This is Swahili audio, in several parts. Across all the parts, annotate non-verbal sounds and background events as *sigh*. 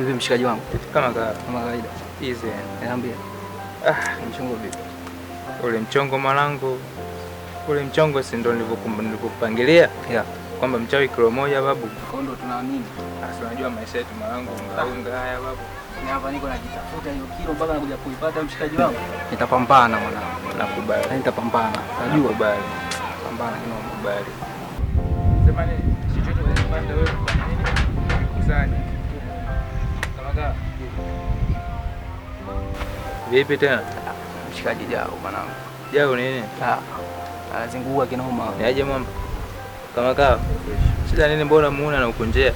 Vipi mshikaji wangu? Kama kama kawaida. Easy. Niambia. Ah, mchongo vipi? Ule mchongo mwanangu. Ule mchongo si ndio nilivyokupangilia? Yeah. Kwamba mchawi kilo moja babu. Kondo ndio tunaamini. Ah, Sasa unajua maisha yetu mwanangu, ah. unga haya babu. Ni hapa niko najitafuta hiyo kilo mpaka nakuja kuipata mshikaji wangu. Nitapambana mwanangu. Nakubali. Nitapambana. Najua bali. Pambana kinao kubali. Vipi tena mshikaji? Jao mwanangu. Jao nini? Ah, anazingua kinoma. Ni mama? Kama kawa. Shida nini, mbona muona na ukonjea?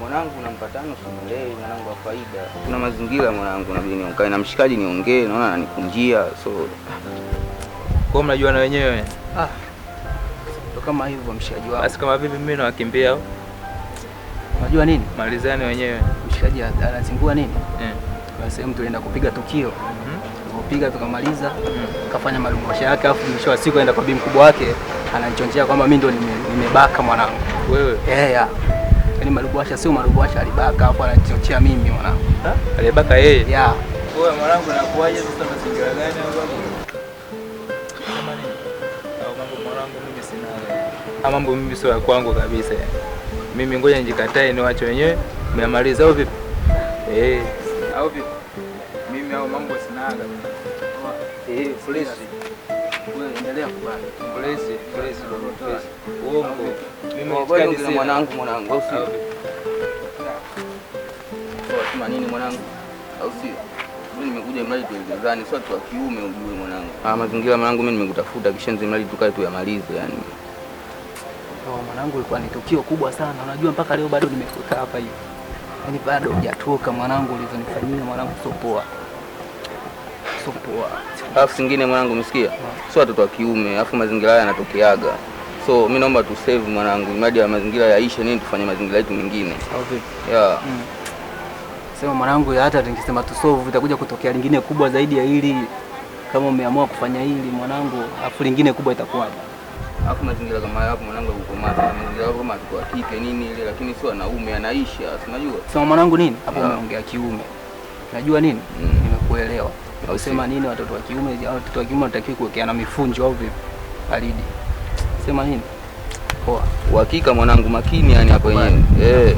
Mwanangu nampatano simuelewi mwanangu wa faida. Kuna mazingira mwanangu na bini ukae na mshikaji niongee, naona ananikunjia so. Kwa mnajua na wenyewe. Ah. Ndio kama hivyo mshikaji wangu. Basi kama vipi mimi nawakimbia au? Unajua nini? Malizane wenyewe. Mshikaji anazingua nini? Eh kuna sehemu tulienda kupiga tukio mm kupiga tukamaliza, mm -hmm. kafanya malumbosha yake, afu mwisho wa siku aenda kwa bibi mkubwa wake, ananichonjea kwamba mimi ndo nimebaka nime mwanangu wewe. Yeah, yeah. yani malumbosha sio malumbosha, alibaka afu ananichonjea mimi mwanangu. ha Alibaka yeye. Yeah. Wewe mwanangu nakuaje sasa, mazingira gani hapo? Ah, mambo mimi sio ya kwangu kabisa. Mimi ngoja nijikatae niwache wenyewe. Mmemaliza au vipi? Eh au vipi? Mimi au mambo sinaga. Eh, fresh. endelea mwanangu mwanangu au sio? Kwa nini mwanangu? Au sio? Mimi nimekuja mradi tuelezane, yaani sio tu wa kiume ujue mwanangu. Ah, mazingira mwanangu mimi nimekutafuta kishenzi mradi tukae tuyamalize yamalize yani. Mwanangu ilikuwa ni tukio kubwa sana. Unajua mpaka leo bado nimefika hapa hivi. Yaani bado hujatoka mwanangu, ulizonifanyia mwanangu, sio poa, sio poa. Alafu singine mwanangu, umesikia? Mm. Sio watoto wa kiume, alafu mazingira haya yanatokeaga. So mi naomba tu save mwanangu, mradi ya mazingira yaishe, nini tufanye mazingira yetu mengine. Okay. Yeah. Mm. Sema mwanangu, hata nikisema tu solve itakuja kutokea lingine kubwa zaidi ya hili, kama umeamua kufanya hili mwanangu, afu lingine kubwa itakuwaje? Alafu mazingira kama hapo mwanangu yuko mapi? mazingira yako kama alikuwa kike nini ile, lakini sio anaume anaisha, unajua. Sema mwanangu nini? Hapo ah. umeongea kiume. Najua nini? Mm. Nimekuelewa. Unasema nini watoto wa kiume au watoto wa kiume wanatakiwa na mifunjo au vipi? Alidi. Sema nini? Poa. Uhakika mwanangu makini yani hapo yenyewe. Eh.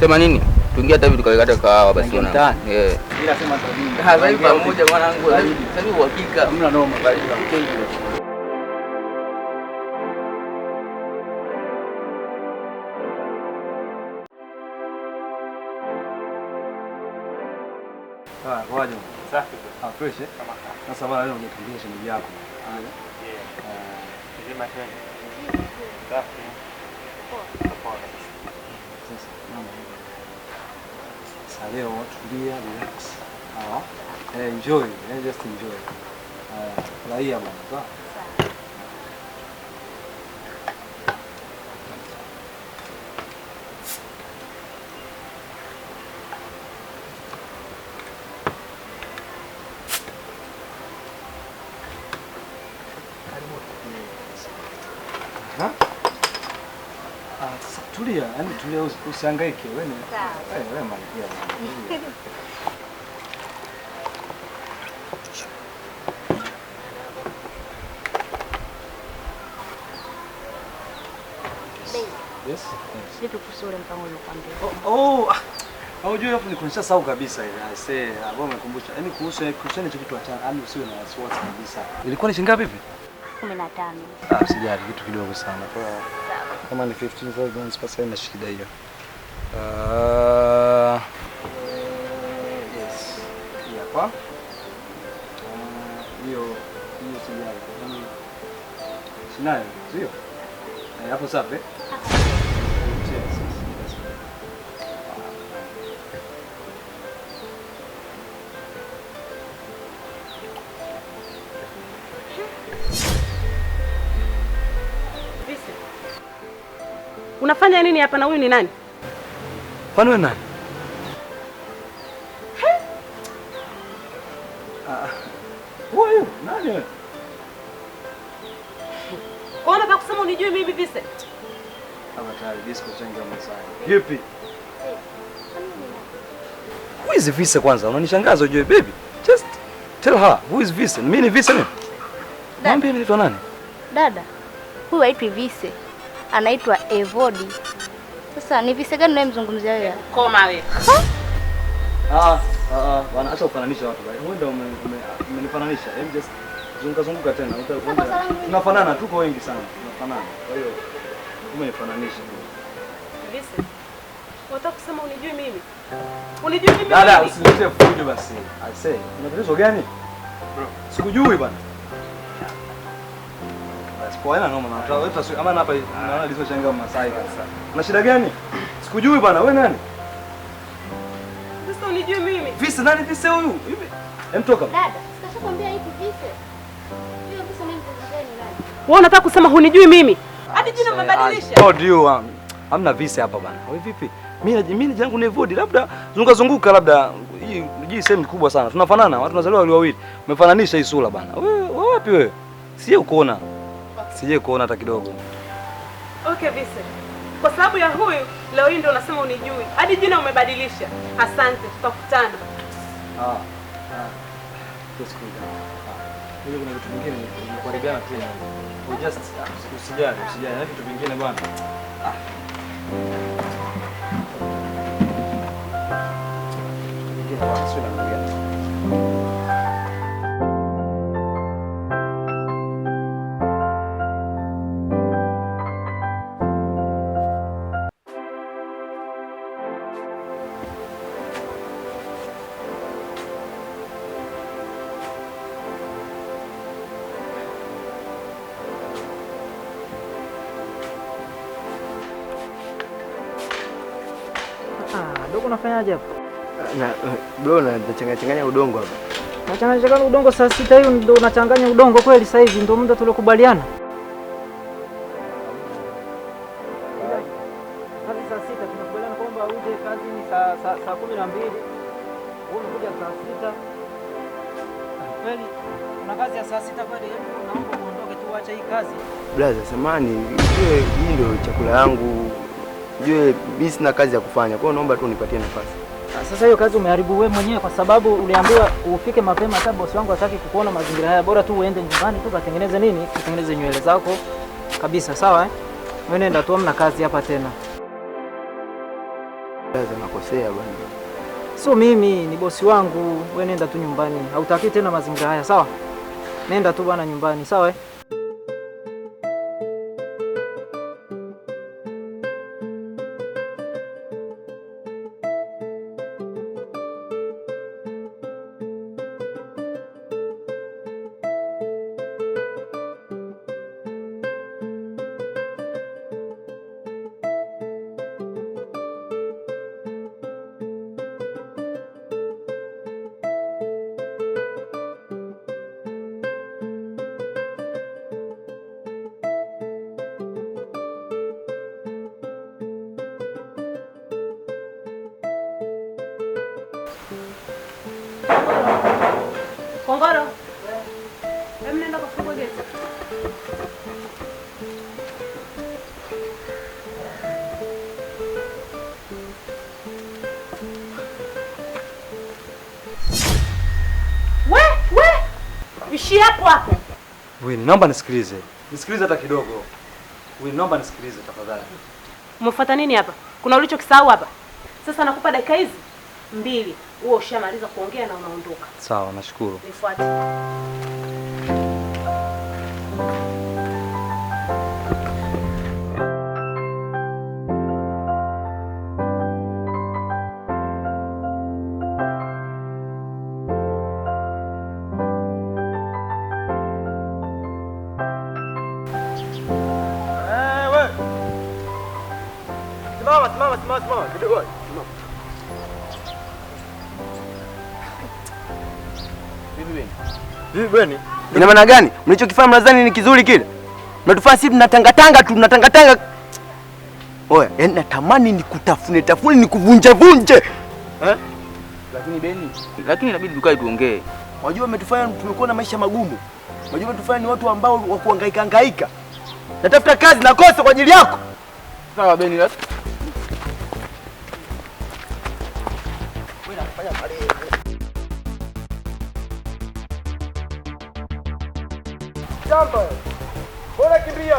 Sema nini? Tuingia tavi tukaikata kahawa basi tuna. Eh. Bila sema tabii. Hazai pamoja mwanangu. Sasa hivi uhakika. Hamna noma. fresh eh? Sasa wala leo unatuambia shemeji yako. Sasa leo tulia, relax. Eh, enjoy, eh, just enjoy. Furahia bwana. Tulia, yani tulia, usihangaike wewe. Wewe malkia. Yes. Oh, hapo ni kunisha sahau kabisa ile. I say, ambao umekumbusha. Yaani kuhusu kuhusu ni kitu cha yani usiwe na wasiwasi kabisa. Ilikuwa ni shilingi ngapi hivi? 15. Ah, sijali kitu kidogo sana. Kwa kama ni 15000 pesa ina shida hiyo. Uh, yes. Hapa. Hiyo hiyo sijai. Sinayo, sio? Hapo safi. nini hapa na huyu ni nani? Kwani wewe nani? Huyu ah, nani wewe? pa kusema unijui mimi Vincent. Vipi? Who is Vincent kwanza? Unanishangaza ujue baby. Just tell her who is Vincent. Mimi ni Vincent. Mwambie ni nani? Dada. Huyu haitwi Anaitwa Evody. Sasa ni visa gani unayemzungumzia wewe? Koma wewe. Ah, ah, ah, bwana acha ufananishe watu bwana. Wewe ndio umenifananisha. Hem just zunguka zunguka tena. Tunafanana, tuko wengi sana. Tunafanana. Kwa hiyo umenifananisha. Listen. Unataka kusema unijui mimi? Unijui mimi? Dada, usinitie fujo basi. I say, una tatizo gani? Bro, sikujui bwana poa, ila noma na wewe tutasema ama hapa naona lizo changa Masai kabisa. Una shida gani? Sikujui bwana, wewe nani? Sasa unijui mimi. Visa nani visa huyu? Hem toka. Dada, sitakwambia hivi visa. Hiyo visa mimi ndio nani? Wewe unataka kusema hunijui mimi? Hadi jina umebadilisha. God you um. Hamna visa hapa bwana. Wewe vipi? Mimi mimi ni jangu nevodi labda zunguka zunguka labda hii hii sehemu kubwa sana. Tunafanana, watu tunazaliwa wawili. Umefananisha hii sura bwana. Wewe wapi wewe? Sio kuona sije kuona hata kidogo. Okay, Vincent, kwa sababu ya huyu leo hii ndio unasema unijui, hadi jina umebadilisha. Asante, tutakutana. Ah, ah. ah, ah. kuna vitu vingine kuharibiana tena, usijali, usijali na vitu vingine bwana. Ah, dogo unafanyaje hapo? Na bro na changanya changanya udongo hapa. Na changanya udongo saa sita hiyo ndio unachanganya udongo kweli sasa hivi ndio muda tuliokubaliana. Kazi Brother, samani, hii ndio chakula yangu jue mimi sina kazi ya kufanya, kwa hiyo naomba tu unipatie nafasi. Ah, sasa hiyo kazi umeharibu wewe mwenyewe, kwa sababu uliambiwa ufike mapema. Hata bosi wangu hataki kukuona mazingira haya, bora tu uende nyumbani tu katengeneze nini, katengeneze nywele zako kabisa. Sawa eh? Wewe nenda tu, amna kazi hapa tena. Kaza nakosea bwana, sio mimi, ni bosi wangu. Wewe nenda tu nyumbani, hautaki tena mazingira haya. Sawa, nenda tu bwana nyumbani. Sawa eh? Kongoro, hebu nenda geti. ishi hapo hapo. naomba nisikilize, nisikilize hata kidogo. Wewe naomba nisikilize tafadhali. Umefuata nini hapa? Kuna ulicho kisahau hapa? Sasa nakupa dakika hizi mbili, huo ushamaliza kuongea na unaondoka. Sawa, nashukuru. Nifuate. Ina maana gani? Mlichokifanya mnadhani ni kizuri kile? Mnatufanya sisi tanga tu, tanga. Oya, yani natamani nikutafune tafune nikuvunje vunje. Eh? Lakini Beni, lakini inabidi tukae tuongee. Wajua umetufanya tumekuwa na maisha magumu. Wajua umetufanya ni watu ambao wa kuhangaika hangaika. Natafuta kazi nakosa kwa ajili yako. Sawa Beni, eh? Jumper. Bora kimbia.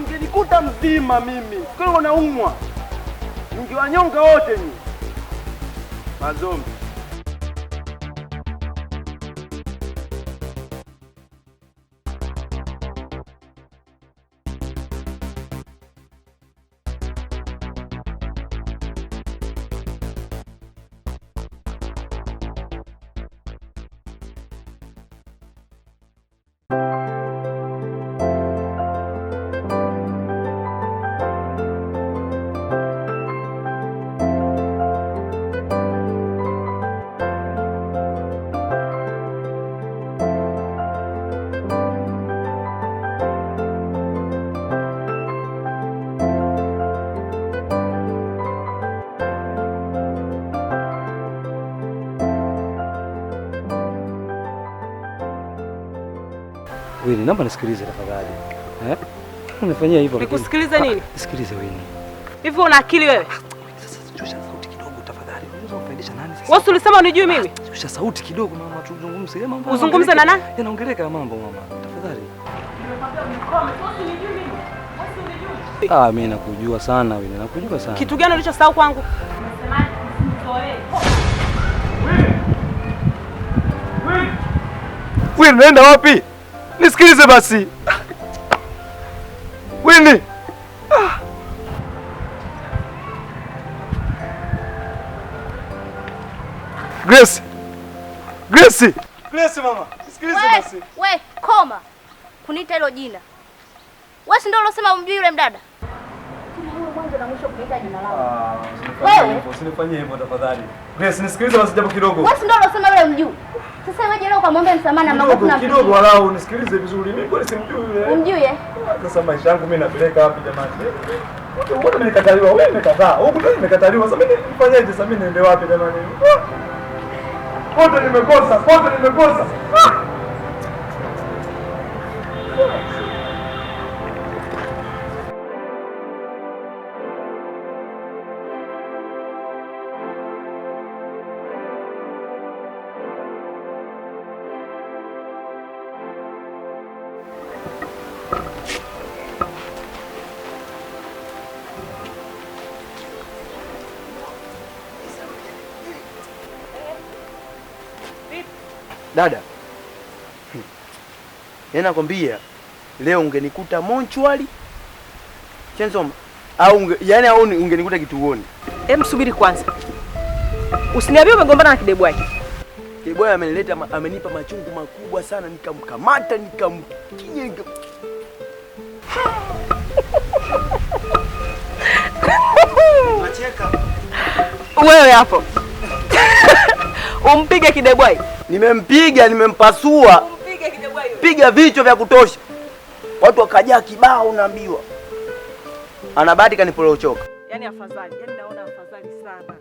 Mgenikuta mzima mimi, kilo naumwa, mngiwanyonga wote ni mazombi Wini, naomba nisikilize tafadhali. Eh? Unanifanyia hivyo. Nikusikilize ah, nini? Nisikilize Wini. Hivyo una akili wewe? Ah, sasa shusha sauti kidogo tafadhali. Unaweza kufaidisha nani sasa? Wewe ulisema unijui mimi? Ah, shusha sauti kidogo mama, tuzungumze eh, mambo. Uzungumze na nani? Yanaongeleka mambo mama. Tafadhali. Ah, mimi nakujua sana Wini, nakujua sana. Kitu gani ulichosahau kwangu? Wewe unaenda wapi? nisikilize basi Wini. Grace. Grace. Grace mama, nisikilize basi. Wewe, koma kuniita hilo jina. Wewe si ndio unasema umjui yule mdada? Wewe ah, usinifanyie hivyo tafadhali. Grace, nisikilize basi jambo kidogo. Wewe si ndio unasema yule mjui? Sasa wewe jela ukamwombe msamaha na mambo kuna kidogo walau unisikilize vizuri. Mimi kweli simjui yule. Eh. Umjui eh? Sasa maisha yangu mimi napeleka wapi jamani? wote eh, nimekataliwa? Wewe umekataa. Huko ndio nimekataliwa. Sasa mimi nifanyaje? Sasa mimi niende wapi jamani? Kote ah! nimekosa, wote nimekosa. Dada hmm. Yaani nakwambia leo ungenikuta monchwali Chenzoma au unge, yani au ungenikuta kituoni. Hem, subiri kwanza, usiniambie umegombana na kidebwaji. Kidebwaji amenileta ma, amenipa machungu makubwa sana, nikamkamata nikam wewe hapo *laughs* umpige kidebwai nimempiga nimempasua, piga vichwa vya kutosha, watu wakajaa kibao, unaambiwa ana bahati kanipolochoka. Yani afadhali, yani naona afadhali sana.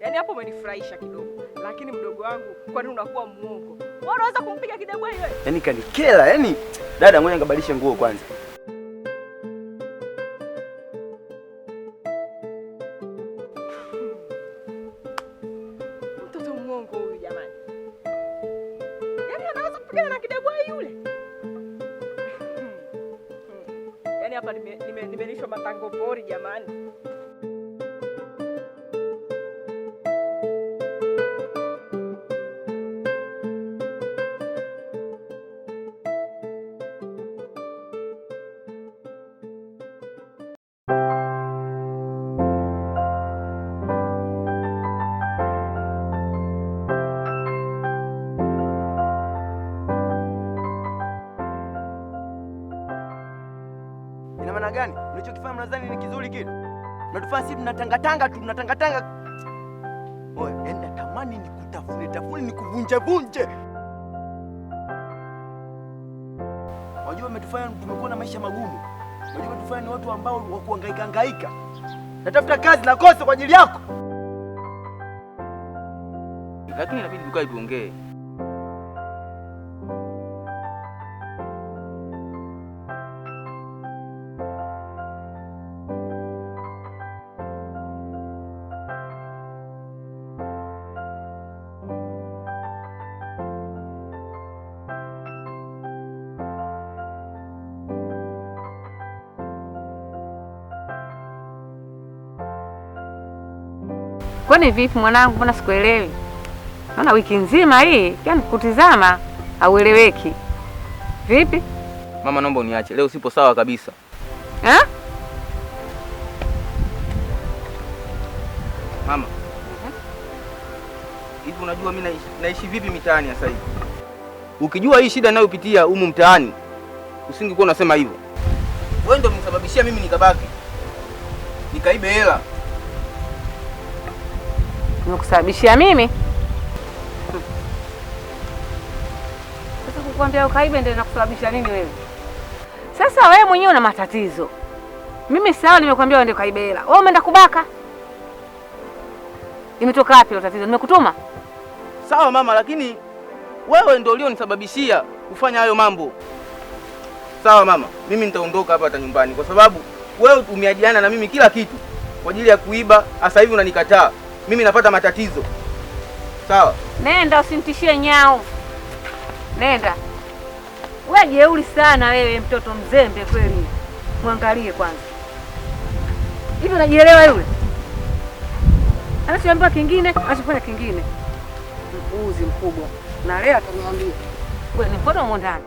Yani hapo umenifurahisha kidogo, lakini mdogo wangu, kwani unakuwa muongo? Unaweza kumpiga kidogo wewe? Yani kanikela. Yani dada, ngoja nikabadilishe nguo kwanza. Unapigana na kidebwa yule. Hmm. Hmm. Hmm. Yaani hapa nimelishwa matango pori jamani. maana gani? Unachokifanya mnadhani ni kizuri kile? Mnatufanya sisi tunatangatanga tu, tunatangatanga. Oe, enda yaani tamani nikutafune tafune nikuvunje vunje. Wajua umetufanya tumekuwa na maisha magumu. Wajua umetufanya ni watu ambao wa kuhangaika hangaika. Natafuta kazi nakosa kwa ajili yako. Lakini inabidi tukae tuongee. Kwani vipi mwanangu, mbona sikuelewi? Naona wiki nzima hii yani kutizama haueleweki. Vipi mama, naomba uniache leo, sipo sawa kabisa ha? Eh? Mama hivi Unajua mimi naishi, naishi vipi mitaani sasa hivi? Ukijua hii shida ninayopitia humu mtaani usingekuwa unasema hivyo. Wewe ndio msababishia mimi nikabaki nikaibe hela nikusababishia mimi Sasa kukwambia ukaibe ndio nakusababisha nini wewe? Sasa wewe mwenyewe una matatizo. Mimi sawa, nimekwambia uende ukaibe hela, wewe umeenda kubaka. Imetoka wapi ile tatizo? Nimekutuma sawa mama, lakini wewe ndio ulionisababishia kufanya hayo mambo. Sawa mama, mimi nitaondoka hapa hata nyumbani, kwa sababu wewe umeadiana na mimi kila kitu kwa ajili ya kuiba. Sasa hivi unanikataa, mimi napata matatizo. Sawa, nenda, usimtishie nyao, nenda. We jeuri sana wewe, mtoto mzembe kweli. Mwangalie kwanza, hivi unajielewa? Yule anachoambiwa kingine, anachofanya kingine. Mpuuzi mkubwa, na leo atamwambia. wewe ni mtoto mwandani.